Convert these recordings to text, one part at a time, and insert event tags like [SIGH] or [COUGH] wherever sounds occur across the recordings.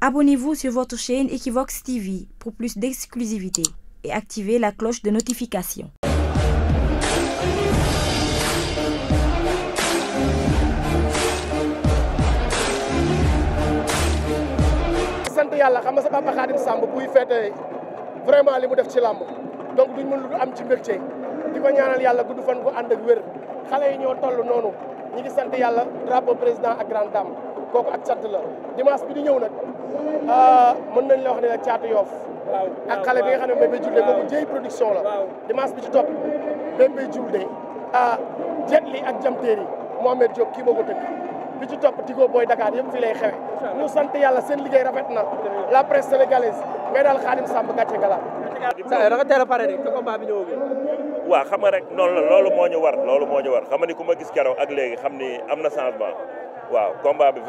Abonnez-vous sur votre chaîne Equivox TV pour plus d'exclusivité et activez la cloche de yàlla xam nga sa papa Khadim Samb buy feete vraiment li mu def ci làmb donc duñ mën lu am ci mbégte di ko ñaanal yàlla gudd fan bu ànd ak wér xale yi ñoo toll noonu ñi ngi sant yàlla drapeau président ak grande dame kooku ak sant la dimanche bi di ñëw nag. Euh, mën nañ la wax ne la caatu yoof ak xale bi nga xam ne Bébé Diouldé boobu jëy production la dimanche bi ci topp Bébé Diouldé euh, jet li ak jamteer yi Mohamed Diop kii moo ko tëgg bi ci topp Tigo Boy Dakar yëpp fi lay xewe ñu sant yàlla seen liggéey rafet na la presse sénégalaise mais daal Khadim Samb gàcce gala saa da nga teel a pare rek te combat bi ñëwagul waaw xam rek noonu la loolu moo ñu war loolu moo ñu war xam nga ni ku gis keroog ak léegi xam ni am na changement waaw combat bi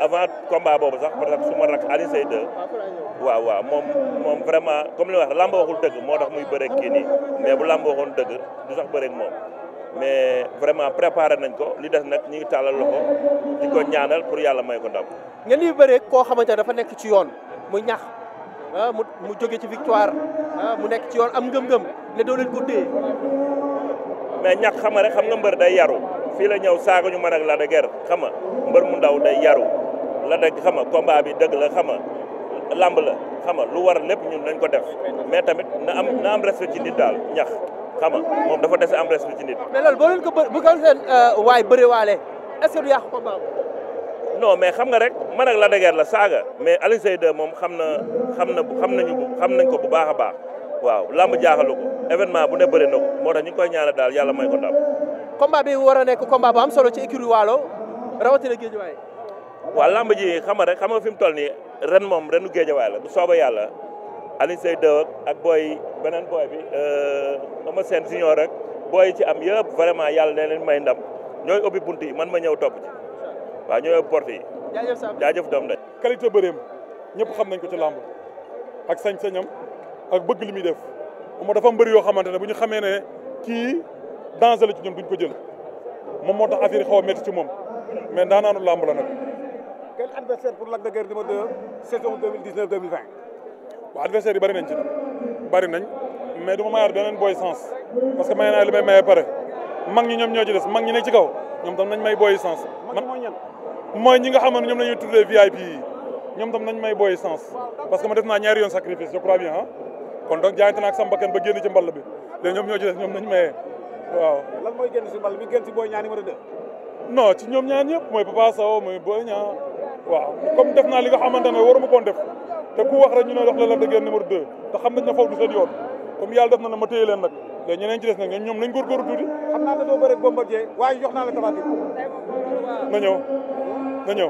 avant combat boobu sax par exemple su ma rak Aliou Seye waaw waaw moom moom vraiment comme li wax làmb waxul dëgg moo tax muy bëreeg kii nii mais bu làmb waxoon dëgg du sax bëreeg moom mais vraiment préparé nañ ko li des nag ñu ngi tàllal loxo di ko ñaanal pour yàlla may ko ndam. ngeen di bëreeg koo xamante ne dafa nekk ci yoon mu ñax ah, mu mu jóge ci victoire ah, mu nekk ci yoon am ngëm-ngëm ne doo leen ko mais ñax xam nga rek xam nga mbër day yaru fii la ñëw saaga ñu mën ak la de guerre mbër mu ndaw day yaru la dëgg xam nga combat dëgg la xam nga làmb la xam lu war lépp ñun nañ ko def mais tamit na am na am respect ci nit daal ñax xam nga moom dafa des am respect ci nit. mais loolu boo leen ko bë bu ko seen euh, waay bëriwaale est-ce que du yàq combat non mais xam nga rek man ak la dëgër la saaga mais Aliou Seyde moom xam na xam na xam nañu xam nañ ko bu baax a baax waaw làmb jaaxalu ko événement bu ne bëri na ko moo tax ñu ngi koy ñaanal daal yàlla may ko ndam. combat bi war a nekk combat am solo ci écurie Waalo rawatina Guédiawaye. waa làmb ji xam nga rek xam nga fi mu toll nii ren moom renu géejawaay la bu sooba yàlla Alioune Seye Deo ak booy beneen booy bi ama seen si junior rek booy ci am yëpp vraiment yàlla ne leen may ndam ñooy ubbi bunt yi man ma ñëw topp ci waaw ñooy ubbi porte yi jaajëf doom na qualité bëreem ñëpp xam nañ ko ci làmb ak sañ-sañam ak bëgg li muy def moom dafa mbëri yoo xamante ne bu ñu xamee ne kii danger la ci ñoom duñ ko jël moom moo tax affaire yi xaw a ci moom mais daanaanu làmb la nag quel adversaire pour Lac de Guiers numéro 2 saison 2019 2020. waaw adversaire yi bëri nañ ci nag bëri nañ mais du ma mayaat beneen booy sens parce que may naa li ñoom ñoo ci des mag ñi nekk ci kaw ñoom tam nañ may booy sens. man mooy ñi nga xam ne ñoom la ñuy tuddee VIP yi ñoom tam nañ may booy sens parce que ma def naa ñaari yoon sacrifice je crois bien ah kon donc jaayante naa ak sama ba génn ci mball bi léegi ñoom ñoo ci ñoom nañ maye waaw. si mball bi génn si booy ñaar numéro waaw comme def naa li nga xamante ne waruma koon def te ku wax rek ñu ne wax la la dëggeen numéro te xam nañ ne foofu du seen yoon comme yàlla def na ma téye leen nag léegi ñeneen ci des nag ñoom nañ góorgóorlu tuuti. xam naa dafa bëri Bombardier jox naa la Tapha Tine. na ñëw na ñëw.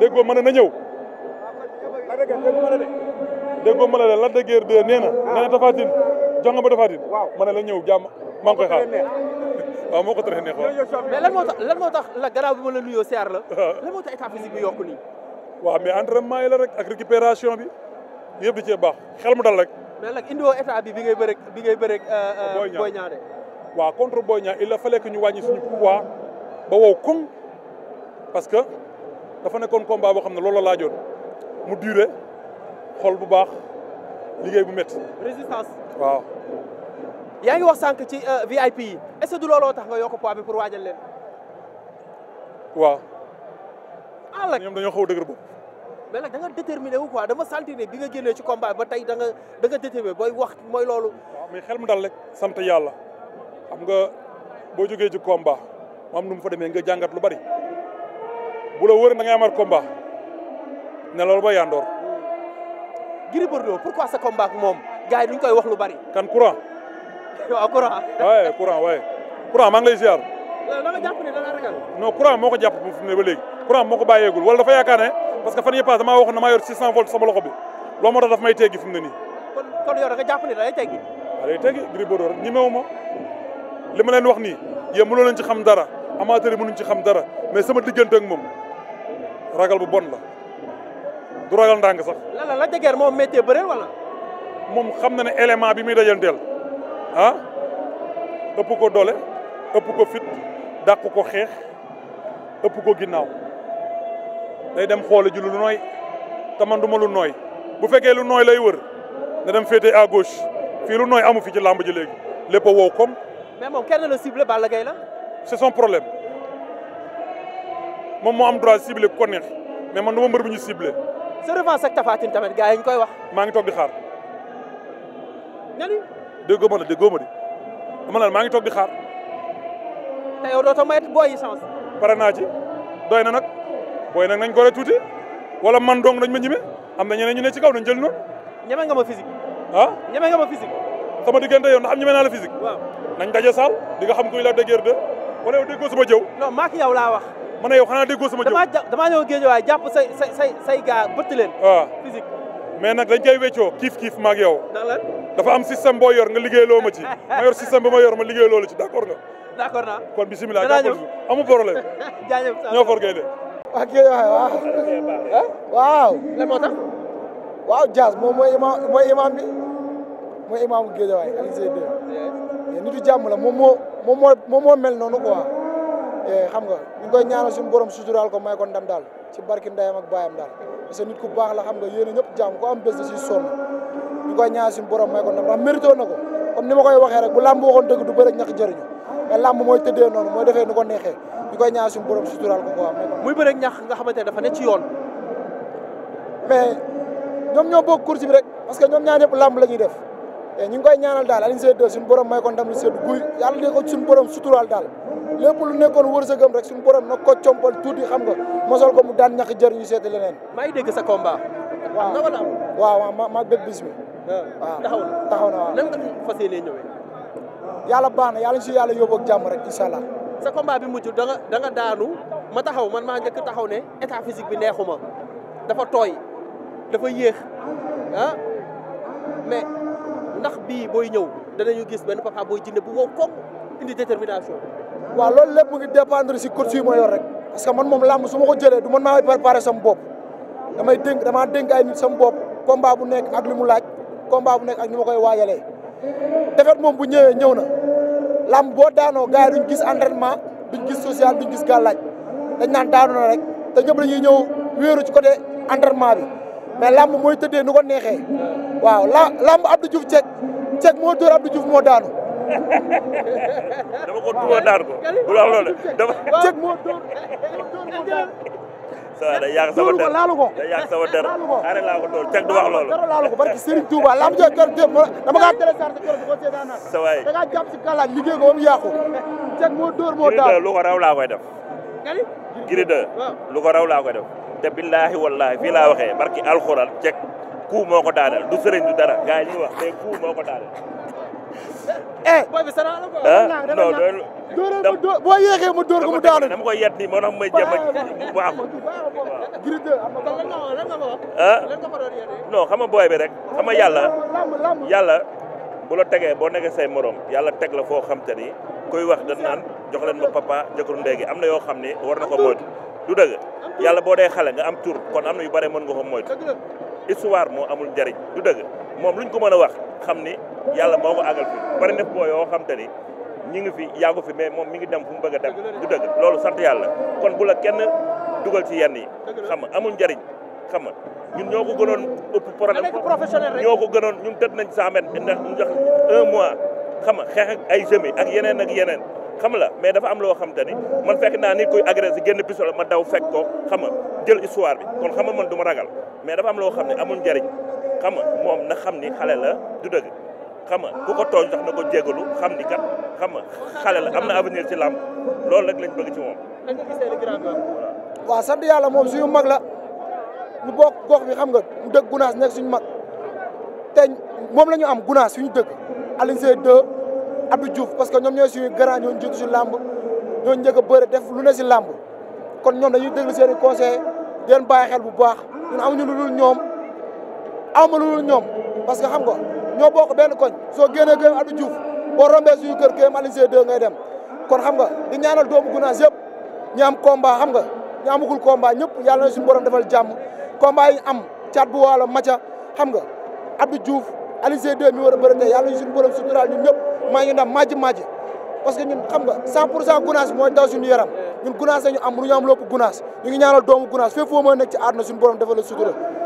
déggoo ma ne na ñëw. déggoo ma ne la Lac de Guiers nee na. nee na Tapha Tine jox nga ma Tapha Tine. waaw ma la ñëw jàmm maa ngi koy xaar. waaw moo ko traité neex waaw. mais lan moo tax lan moo tax la gannaaw bi ma la nuyoo siyaar la. [LAUGHS] lan moo tax état physique bi yokku nii. waaw mais entraînement yi la rek ak récupération bi yëpp da cee baax xel mu dal rek. mais nag indiwoo état bi bi ngay bëreeg bi ngay bëreeg. Euh, euh, Boy Niang de. waaw contre Boy Niang il a fallu que ñu wàññi suñu poids ba wow koŋ parce que dafa nekkoon combat boo xam ne loolu la laajoon mu duré xol bu baax liggéey bu métti. résistance waaw. yaa ngi wax sànq ci euh, VIP yi est-ce que du looloo tax nga yokk poids bi pour waajal leen. waaw. ah nag ñoom dañoo xaw a dëgër bopp. mais nag da nga déterminé dama sentir ne bi nga génnee ci combat ba tey da nga da booy wax mooy loolu. waaw mais xel mu dal rek sant yàlla xam nga boo jógee ci combat mu am nu mu fa demee nga jàngat lu bari bu la wër da ngay amaat combat ne loolu ba yandoor. Gris Bordeaux ko sa combat ak moom gars yi duñ koy wax lu bari. kan courant. waaw courant. waaye courant waaye courant a ngi lay ziar. da nga jàpp ne da nga ragal. non courant moo ko jàpp ba fu ne ba léegi courant moo ko bàyyeegul wala dafa yaakaar ne parce que fan yii paase damaa waxoon damaa yor 600 volts sama loxo bi loolu moo tax daf may teggi fu ne nii. kon kon yow da nga jàpp ne da lay teggi. da lay teggi Gris Bordeaux rek ñemewu ma li ma leen wax nii yéen mënoo leen ci xam dara amateur yi mënuñ ci xam dara mais sama diggante ak moom ragal bu bon la du ragal ndànk sax. lan la la jëgeer moom métier bëreel wala. xam na ne élément bi muy dajanteel ah ko doole ëpp ko fit dàq ko xeex ëpp ko ginnaaw day dem xoole ji lu nooy te man duma lu nooy bu fekkee lu nooy lay wër na dem féete à gauche fii lu nooy amu fi ci làmb ji léegi lépp a wow comme. mais moom kenn la ciblé Balla Gaye la. c'est son problème moom moo am droit ciblé ku ko neex mais man duma mbër bu ñu sible sa revanche ak Tapha tamit gars yi ñu koy wax. maa ngi toog di xaar. déggoo ma la déggoo ma di dama naan maa ngi toog di xaar. te yow dootoo mayat booy yi chance. pare naa ci doy na nag booy nag nañ gore tuuti wala man dong nañ ma ñime am na ñeneen ñu ne ci kaw nañ jël noonu. ñeme nga ma physique. ah ñeme nga ma physique. sama diggante yow ndax am ñeme naa la physique. waaw nañ daje saal di nga xam kuy la dëgër de wala yow déggoo sama jëw. non maa ki yaw laa wax. man ne yow xanaa déggoo sama jëw damaa ja damaa ñëw géej waaye jàpp say say say say gaa bëtt leen. waaw ah. mais nag dañ koy wéccoo kiif kiif maag yow. dafa am système boo yor nga liggéeyloo ma ci [LAUGHS] ma yor système bi ma yor ma liggéeyloo la ci d' accord nga. d' naa kon bisimilah. dinaa ñëw amul problème. [LAUGHS] jaajëf saa ñoo for gay de. ak kii waaw waaw. lan moo tax. waaw Diaz moom mooy imaam bi mooy imaamu Guédiawaye Alioune Seye Dieng. jàmm la moom moo moom moo moo mel noonu quoi. xam nga ñu nga ñaanal suñu borom suturaal ko may ko ndam daal ci barki ndeyam ak baayam daal. parce que nit ku baax la xam nga yéen a ñëpp jàmm ku am bés da siy ñu koy ñaan suñu borom may ko ndam ndax mérito na ko comme ni ma koy waxee rek bu làmb waxoon dëgg du bëri ak ñax jëriñu mais làmb mooy defee nu ko neexee ñu koy ñaan suñu borom sutural ko quoi. nga xamante ne dafa ne mais ñoom ñoo bokk course bi rek parce que ñoom ñaar ñëpp làmb la ñuy def te ñu ngi ñaanal daal Alioune Seye 2 suñu may ko ndam lu sedd guy yàlla ne ko suñu borom suturaal daal lépp lu nekkoon wërsëgam rek suñu borom nag ko compal tuuti xam nga mosal ko mu daan ñax jër ñu seeti leneen. maa ngi dégg sa combat. waaw am na wala waaw waaw ma ma bépp bis bi. Ah, waaw taxaw na na waaw. nan nga fas yéenee ñëwee. yàlla baax na yàlla si yàlla yóbbu ak jàmm rek incha allah. sa combat bi mujj da nga da ma taxaw man maa njëkk taxaw ne état physique bi neexuma dafa tooy dafa yéex ah mais ndax bii booy ñëw danañu gis benn papa booy jinne bu wow koŋ indi détermination. waaw loolu lépp ngi dépendre si coach yi ma yor rek parce que man moom làmb su ma ko jëlee du man maa préparé sama bopp damay dénk damaa dénk ay nit sama bopp combat bu nekk ak li mu laaj combat bu nekk ak ni ma koy waajalee defet moom bu ñëwee ñëw na làmb boo daanoo gars yi duñ gis entraînement duñ gis social duñ gis laaj dañ naan daanu na rek te ñëpp dañuy ñëw wéeru ci côté entraînement bi mais làmb mooy tëddee nu ko neexee waaw lamb làmb Abdou Diouf ceeg ceeg moo dóor Abdou Diouf moo daanu dama ko duma daan ko bu moo dóor sa day yàq der are laa ko dóor cëg du loolu dara laalu ko barki Serigne Touba lam jo kër dem ka téléchargé kër ko seetaan naa sa waay da ko ba mu yàqu moo dóor moo daal lu ko raw laa koy def giri de lu ko raw laa koy def te billahi wallahi fii laa waxee barki alxuraan cëg ku moo ko daanal du sëriñ du dara gars yi ñuy wax mais moo ko daanal Eh, eh booy bi sara la eh, boo yéexee mu dóor ko mu daanu. dama koy yet nii moo tax may jéem a waaw. am na lan nga lan nga eh? xam nga booy bi rek xam nga yàlla. yàlla bu la tegee boo nekkee say morom yàlla teg la foo xam te ni koy wax dañ naan jox leen ma papa jëkkëru ndéegi am na yoo xam ne war na ko moytu. du dëgg yàlla boo dee xale nga am tur kon am na yu bare mën nga ko moytu. histoire moo amul njariñ du dëgg moom luñ ko mën a wax xam ni yàlla moo ko àggal fi bari na boo yoo xam te ni ñi ngi fi yàggu fi mais moom mi ngi dem fu mu bëgg a dem du dëgg loolu sant yàlla kon bula kenn dugal ci yenn yi xam nga amul njariñ xam nga ñun ñoo ko gënoon ëpp problème ñoo ko gënoon ñun tëdd nañ cent mètres ndax ñu jox un mois xam nga ay jëmi ak yeneen ak yeneen xam la mais dafa am loo xam te ni man fekk naa nit koy agressé génn pistolet ma daw fekk ko xam jël histoire bi kon xam nga man du ma ragal mais dafa am loo xam ne amul njariñ xam nga moom na xam ni xale la du dëgg xam nga ku ko tooñ sax na ko jégalu xam ni kat xam nga xale la am na avenir ci làmb loolu la lañ bëgg ci moom. waaw sant yàlla moom suñu mag la ñu bokk gox bi xam nga mu dëgg gunaas nekk suñu mag te moom la ñu am gunaas suñu dëkk Alioune Seye 2 Abdou Diouf parce que ñoom ñoo suñu grand ñoo jiitu si làmb ñoo jëkk a bëre def lu ne si làmb kon ñoom dañuy déglu seen i conseil di leen xel bu baax am ñu lu dul ñoom. am ma loolu ñoom parce que xam nga ñoo bokk benn koñ soo génnee kër Abdou Diouf boo rombee kër kër Alizé 2 ngay dem kon xam nga di ñaanal doomu Gounass yëpp ñi am xam nga ñi amagul combat ñëpp yàlla na suñu borom defal jàmm combat yi am caat bu waalo maca xam nga Abdou Diouf Alizé 2 mi war a bëri tey yàlla na suñu borom suturaal ñun ñëpp maa ngi ndam maaji parce que ñun xam nga 100 pour cent Gounass mooy daw suñu yaram ñun Gounass la ñu am lu ñu am lépp Gounass ñu ngi ñaanal doomu Gounass